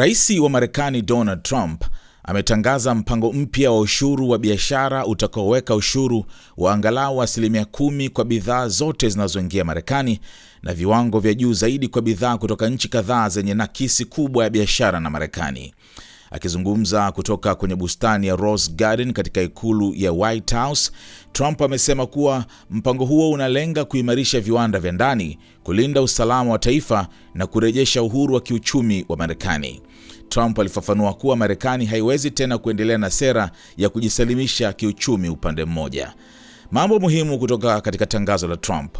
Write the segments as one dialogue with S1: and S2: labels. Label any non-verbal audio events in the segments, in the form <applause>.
S1: Rais wa Marekani Donald Trump ametangaza mpango mpya wa ushuru wa biashara utakaoweka ushuru wa angalau asilimia kumi kwa bidhaa zote zinazoingia Marekani na viwango vya juu zaidi kwa bidhaa kutoka nchi kadhaa zenye nakisi kubwa ya biashara na Marekani. Akizungumza kutoka kwenye bustani ya Rose Garden katika ikulu ya White House, Trump amesema kuwa mpango huo unalenga kuimarisha viwanda vya ndani, kulinda usalama wa taifa na kurejesha uhuru wa kiuchumi wa Marekani. Trump alifafanua kuwa Marekani haiwezi tena kuendelea na sera ya kujisalimisha kiuchumi upande mmoja. Mambo muhimu kutoka katika tangazo la Trump.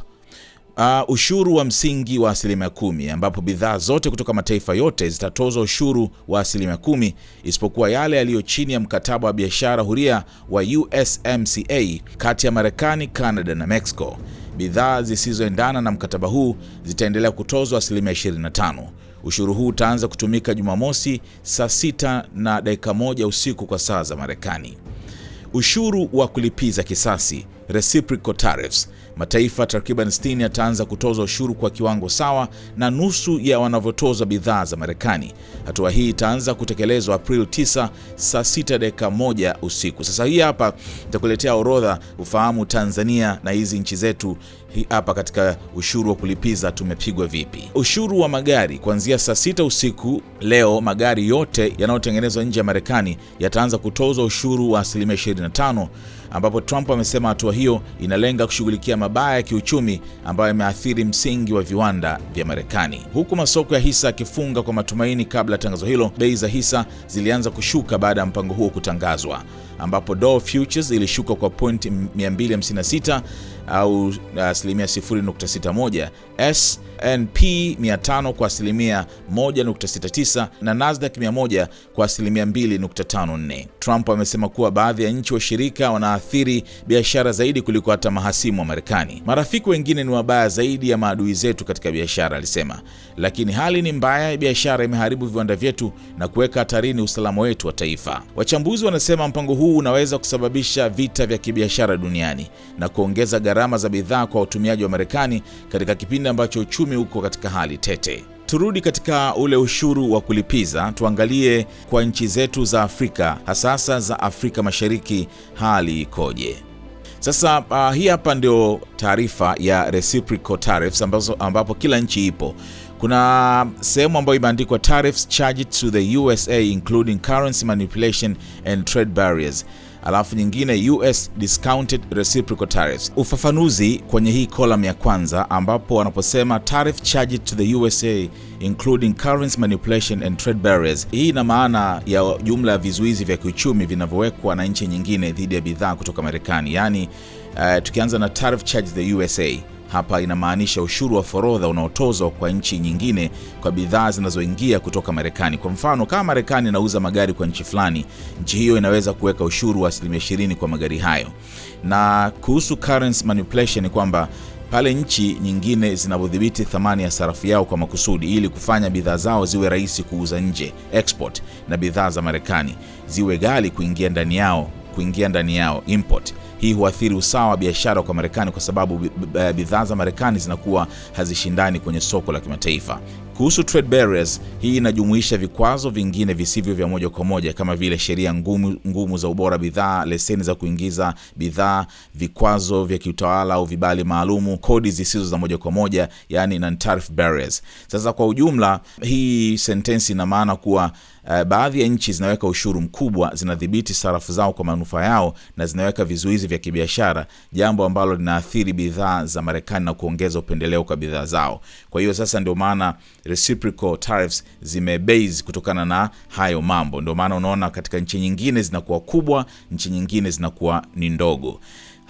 S1: Uh, ushuru wa msingi wa asilimia kumi ambapo bidhaa zote kutoka mataifa yote zitatozwa ushuru wa asilimia kumi isipokuwa yale yaliyo chini ya mkataba wa biashara huria wa USMCA kati ya Marekani, Canada na Mexico. Bidhaa zisizoendana na mkataba huu zitaendelea kutozwa asilimia 25. Ushuru huu utaanza kutumika Jumamosi saa sita na dakika moja usiku kwa saa za Marekani. Ushuru wa kulipiza kisasi reciprocal tariffs. Mataifa takriban 60 yataanza kutoza ushuru kwa kiwango sawa na nusu ya wanavyotoza bidhaa za Marekani. Hatua hii itaanza kutekelezwa April 9 saa 6 dakika moja usiku. Sasa hii hapa nitakuletea orodha ufahamu Tanzania na hizi nchi zetu hii hapa katika ushuru wa kulipiza tumepigwa vipi. Ushuru wa magari kuanzia saa sita usiku leo, magari yote yanayotengenezwa nje ya Marekani yataanza kutozwa ushuru wa asilimia 25 ambapo Trump amesema hatua hiyo inalenga kushughulikia mabaya ya kiuchumi ambayo yameathiri msingi wa viwanda vya Marekani. Huku masoko ya hisa yakifunga kwa matumaini kabla ya tangazo hilo, bei za hisa zilianza kushuka baada ya mpango huo kutangazwa, ambapo Dow Futures ilishuka kwa pointi 256 au uh, asilimia 0.61, S&P 500 kwa asilimia 1.69 na Nasdaq 100 kwa asilimia 2.54. Trump amesema kuwa baadhi ya nchi washirika wanaathiri biashara zaidi kuliko hata mahasimu wa Marekani. Marafiki wengine ni wabaya zaidi ya maadui zetu katika biashara, alisema. Lakini hali ni mbaya ya biashara imeharibu viwanda vyetu na kuweka hatarini usalama wetu wa taifa. Wachambuzi wanasema mpango huu unaweza kusababisha vita vya kibiashara duniani na kuongeza gharama gharama za bidhaa kwa watumiaji wa Marekani katika kipindi ambacho uchumi uko katika hali tete. Turudi katika ule ushuru wa kulipiza, tuangalie kwa nchi zetu za Afrika, hasasa za Afrika Mashariki, hali ikoje? Sasa uh, hii hapa ndio taarifa ya reciprocal tariffs ambazo, ambapo kila nchi ipo. Kuna sehemu ambayo imeandikwa tariffs charged to the USA including currency manipulation and trade barriers alafu nyingine US discounted reciprocal tariffs. Ufafanuzi kwenye hii column ya kwanza, ambapo wanaposema tariff charged to the USA including currency manipulation and trade barriers, hii ina maana ya jumla ya vizuizi vya kiuchumi vinavyowekwa na nchi nyingine dhidi ya bidhaa kutoka Marekani, yaani uh, tukianza na tariff charged to the USA hapa inamaanisha ushuru wa forodha unaotozwa kwa nchi nyingine kwa bidhaa zinazoingia kutoka Marekani. Kwa mfano, kama Marekani inauza magari kwa nchi fulani, nchi hiyo inaweza kuweka ushuru wa asilimia 20 kwa magari hayo. Na kuhusu currency manipulation ni kwamba pale nchi nyingine zinapodhibiti thamani ya sarafu yao kwa makusudi ili kufanya bidhaa zao ziwe rahisi kuuza nje export, na bidhaa za Marekani ziwe ghali kuingia ndani yao kuingia ndani yao import. Hii huathiri usawa wa biashara kwa Marekani kwa sababu eh, bidhaa za Marekani zinakuwa hazishindani kwenye soko la kimataifa. Kuhusu trade barriers, hii inajumuisha vikwazo vingine visivyo vya moja kwa moja kama vile sheria ngumu, ngumu za ubora bidhaa, leseni za kuingiza bidhaa, vikwazo vya kiutawala au vibali maalumu, kodi zisizo za moja kwa moja, yani non-tariff barriers. Sasa kwa ujumla, hii sentensi ina maana kuwa uh, baadhi ya nchi zinaweka ushuru mkubwa, zinadhibiti sarafu zao kwa manufaa yao na zinaweka vizuizi vya kibiashara, jambo ambalo linaathiri bidhaa za Marekani na kuongeza upendeleo kwa bidhaa zao. Kwa hiyo sasa ndio maana reciprocal tariffs zimebase kutokana na hayo mambo. Ndio maana unaona katika nchi nyingine zinakuwa kubwa, nchi nyingine zinakuwa ni ndogo.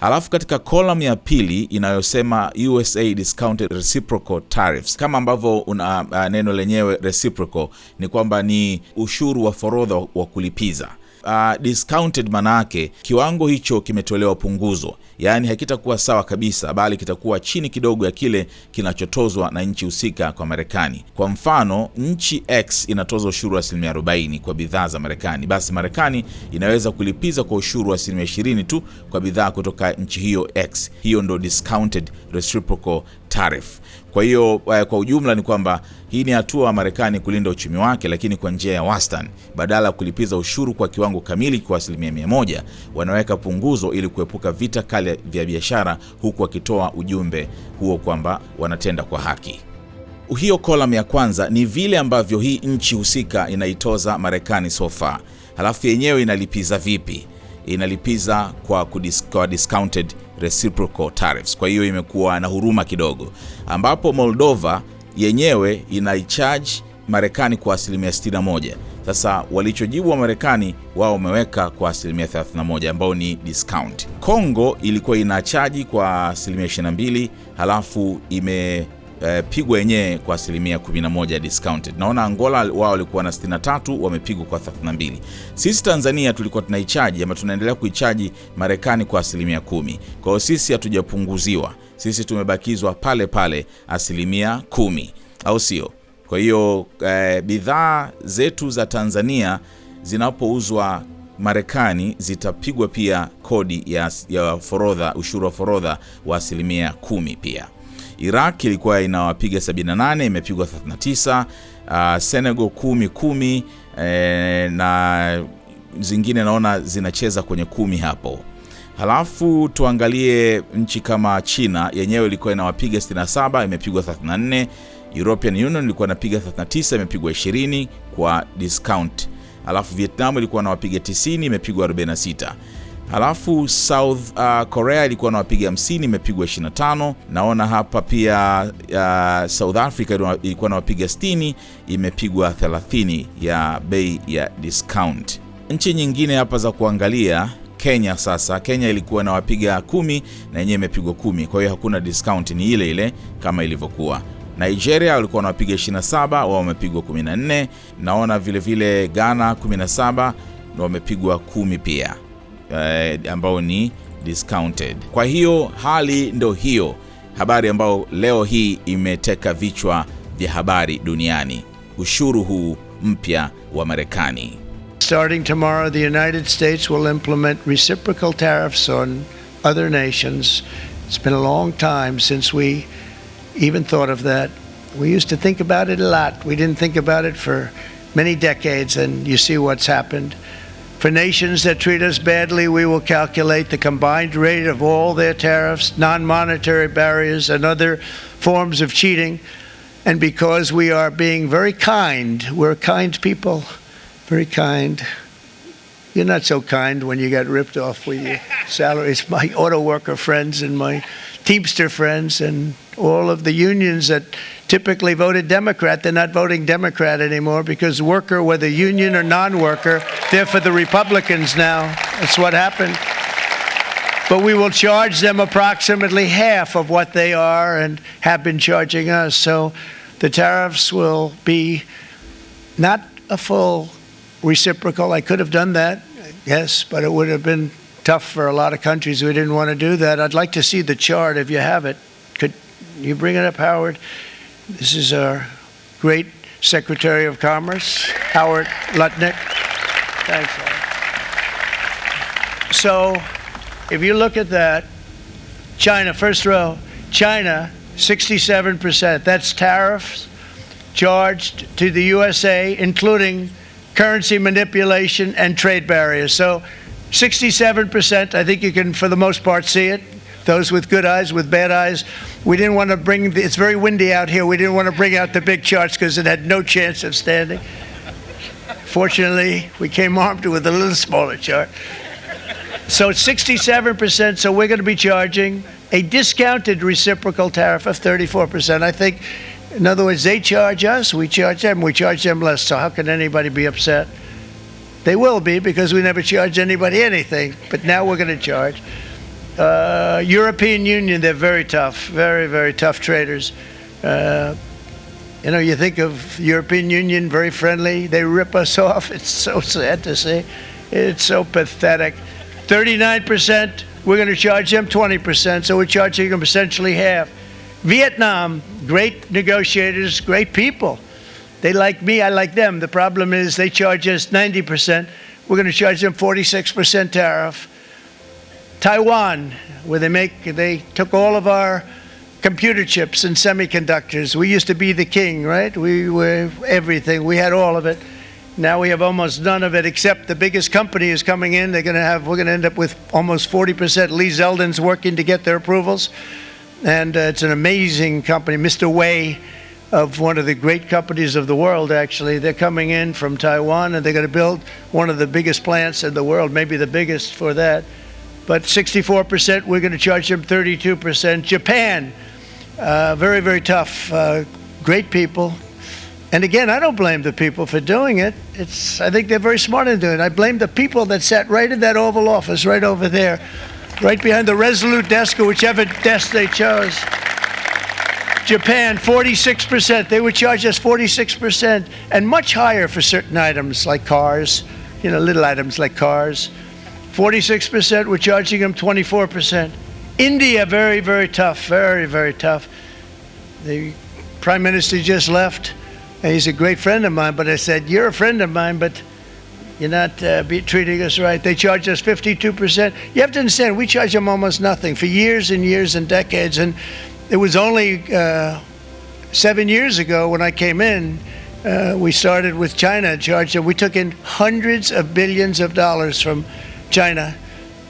S1: Halafu katika column ya pili inayosema USA discounted reciprocal tariffs, kama ambavyo una uh, neno lenyewe reciprocal ni kwamba ni ushuru wa forodha wa kulipiza uh, discounted, manake kiwango hicho kimetolewa punguzo, yaani hakitakuwa sawa kabisa, bali kitakuwa chini kidogo ya kile kinachotozwa na nchi husika kwa Marekani. Kwa mfano, nchi X inatoza ushuru wa asilimia 40 kwa bidhaa za Marekani, basi Marekani inaweza kulipiza kwa ushuru wa asilimia 20 tu kwa bidhaa kutoka nchi hiyo X. Hiyo ndo discounted reciprocal tariff. Kwa hiyo eh, kwa ujumla ni kwamba hii ni hatua ya Marekani kulinda uchumi wake, lakini kwa njia ya wastani. Badala ya kulipiza ushuru kwa kiwango kamili kwa asilimia mia moja, wanaweka punguzo ili kuepuka vita kali vya biashara, huku wakitoa ujumbe huo kwamba wanatenda kwa haki. Hiyo kolam ya kwanza ni vile ambavyo hii nchi husika inaitoza Marekani sofa, halafu yenyewe inalipiza vipi? Inalipiza kwa, kudis, kwa discounted reciprocal tariffs. Kwa hiyo imekuwa na huruma kidogo, ambapo Moldova yenyewe inaicharge Marekani kwa asilimia 61. Sasa walichojibu wa Marekani wao wameweka kwa asilimia 31, ambao ni discount. Kongo ilikuwa inachaji kwa asilimia 22, halafu ime eh, pigwa yenyewe kwa asilimia 11 discounted. Naona Angola wao walikuwa na 63 wamepigwa kwa 32. Sisi Tanzania tulikuwa tunaichaji ama tunaendelea kuichaji Marekani kwa asilimia kumi Kwa hiyo sisi hatujapunguziwa, sisi tumebakizwa pale pale asilimia kumi, au sio? Kwa hiyo eh, bidhaa zetu za Tanzania zinapouzwa Marekani zitapigwa pia kodi ya, ya forodha, ushuru wa forodha wa asilimia kumi pia. Iraq ilikuwa inawapiga 78 imepigwa 39, uh, Senegal 10 10, eh, na zingine naona zinacheza kwenye kumi hapo. Halafu tuangalie nchi kama China, yenyewe ilikuwa inawapiga 67 imepigwa 34, European Union ilikuwa inapiga 39 imepigwa 20 kwa discount. Halafu Vietnam ilikuwa inawapiga 90 imepigwa 46. Halafu South uh, Korea ilikuwa na wapiga 50 imepigwa 25. Naona hapa pia uh, South Africa ilikuwa na wapiga 60, imepigwa 30 ya bei ya discount. Nchi nyingine hapa za kuangalia Kenya sasa. Kenya ilikuwa na wapiga kumi na yenyewe imepigwa kumi, kwa hiyo hakuna discount, ni ile ile kama ilivyokuwa. Nigeria walikuwa wapiga 27, wao wamepigwa 14. Naona vilevile vile Ghana 17 na wamepigwa kumi pia. eh, ambao ni discounted. Kwa hiyo hali ndo hiyo, habari ambayo leo hii imeteka vichwa vya habari duniani, ushuru huu mpya wa Marekani.
S2: Starting tomorrow, the United States will implement reciprocal tariffs on other nations. It's been a long time since we even thought of that. We used to think about it a lot. We didn't think about it for many decades, and you see what's happened. For nations that treat us badly, we will calculate the combined rate of all their tariffs, non monetary barriers, and other forms of cheating. And because we are being very kind, we're kind people, very kind. You're not so kind when you got ripped off with your <laughs> salaries. My auto worker friends and my Teamster friends and all of the unions that typically voted Democrat, they're not voting Democrat anymore because worker, whether union or non worker, they're for the Republicans now. That's what happened. But we will charge them approximately half of what they are and have been charging us. So the tariffs will be not a full reciprocal. I could have done that, yes, but it would have been tough for a lot of countries who didn't want to do that. I'd like to see the chart if you have it. Could you bring it up, Howard? This is our great Secretary of Commerce, Howard Lutnick. Thanks. Howard. So, if you look at that, China, first row, China, 67%. That's tariffs charged to the USA, including currency manipulation and trade barriers. So, 67%, I think you can, for the most part, see it those with good eyes, with bad eyes. We didn't want to bring, the, it's very windy out here. We didn't want to bring out the big charts because it had no chance of standing. Fortunately, we came armed with a little smaller chart. So it's 67%, so we're going to be charging a discounted reciprocal tariff of 34%. I think, in other words, they charge us, we charge them, we charge them less. So how can anybody be upset? They will be because we never charged anybody anything, but now we're going to charge. Uh, European Union, they're very tough, very, very tough traders. Uh, you know, you think of European Union, very friendly. They rip us <laughs> off. It's so sad to see. It's so pathetic. 39%, we're going to charge them 20%, so we're charging them essentially half. Vietnam, great negotiators, great people. They like me, I like them. The problem is they charge us 90%. We're going to charge them 46% tariff. Taiwan, where they make they took all of our computer chips and semiconductors. We used to be the king, right? We were everything. We had all of it. Now we have almost none of it, except the biggest company is coming in. They're going to have. We're going to end up with almost 40%. Lee Zeldin's working to get their approvals, and uh, it's an amazing company, Mr. Wei. Of one of the great companies of the world, actually. They're coming in from Taiwan and they're going to build one of the biggest plants in the world, maybe the biggest for that but 64%, we're going to charge them 32%. Japan, uh, very, very tough, uh, great people. And again, I don't blame the people for doing it. It's, I think they're very smart in doing it. I blame the people that sat right in that Oval Office, right over there, right behind the Resolute desk or whichever desk they chose. Japan, 46%. They would charge us 46% and much higher for certain items like cars, you know, little items like cars. 46%, we're charging them 24%. India, very, very tough, very, very tough. The prime minister just left. He's a great friend of mine, but I said, You're a friend of mine, but you're not uh, treating us right. They charge us 52%. You have to understand, we charge them almost nothing for years and years and decades. And it was only uh, seven years ago when I came in, uh, we started with China them. We took in hundreds of billions of dollars from China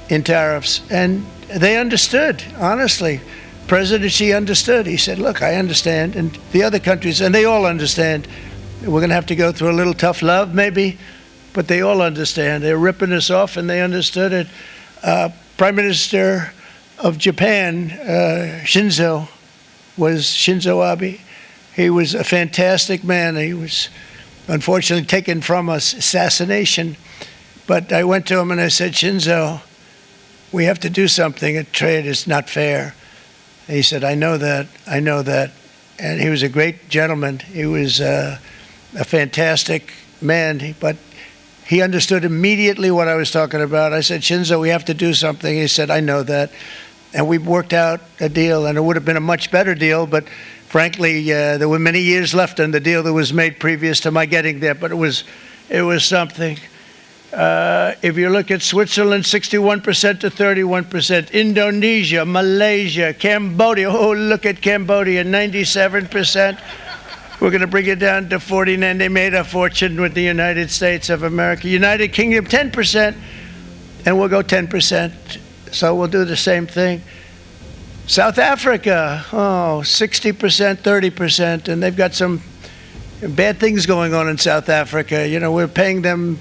S2: in tariffs. And they understood, honestly. President Xi understood. He said, Look, I understand. And the other countries, and they all understand, we're going to have to go through a little tough love, maybe, but they all understand. They're ripping us off, and they understood it. Uh, Prime Minister of Japan, uh, Shinzo, was Shinzo Abe. He was a fantastic man. He was unfortunately taken from us, assassination. But I went to him and I said, Shinzo, we have to do something. A trade is not fair. And he said, I know that. I know that. And he was a great gentleman. He was uh, a fantastic man, but he understood immediately what I was talking about. I said, Shinzo, we have to do something. He said, I know that. And we worked out a deal, and it would have been a much better deal, but frankly, uh, there were many years left on the deal that was made previous to my getting there, but it was, it was something. Uh, if you look at Switzerland, 61% to 31%. Indonesia, Malaysia, Cambodia. Oh, look at Cambodia, 97%. We're going to bring it down to 49. They made a fortune with the United States of America. United Kingdom, 10%, and we'll go 10%. So we'll do the same thing. South Africa, oh, 60%, 30%, and they've got some bad things going on in South Africa. You know, we're paying them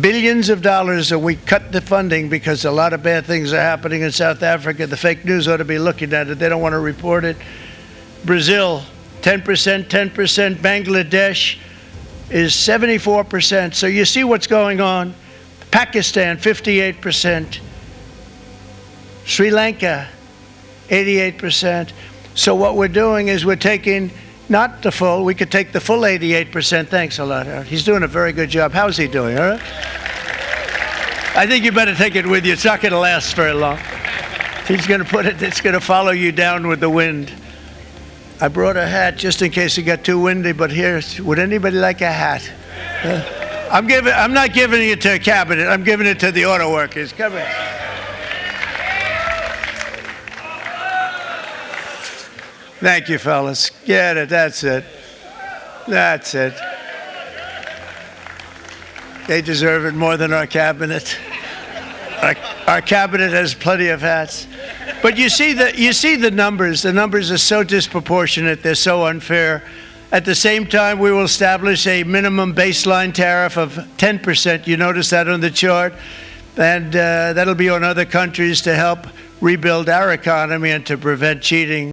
S2: billions of dollars and we cut the funding because a lot of bad things are happening in South Africa. The fake news ought to be looking at it. They don't want to report it. Brazil, 10%, 10%. Bangladesh is 74%. So you see what's going on. Pakistan, 58%. Sri Lanka, 88%. So what we're doing is we're taking not the full. We could take the full 88%. Thanks a lot. He's doing a very good job. How's he doing? All right? I think you better take it with you. It's not going to last very long. He's going to put it, it's going to follow you down with the wind. I brought a hat just in case it got too windy, but here, would anybody like a hat? Uh, I'm, giving, I'm not giving it to a cabinet, I'm giving it to the auto workers. Come here. Thank you, fellas. Get it. That's it. That's it. They deserve it more than our cabinet. Our, our cabinet has plenty of hats. But you see the you see the numbers. The numbers are so disproportionate. They're so unfair. At the same time, we will establish a minimum baseline tariff of 10%. You notice that on the chart. And uh, that'll be on other countries to help rebuild our economy and to prevent cheating.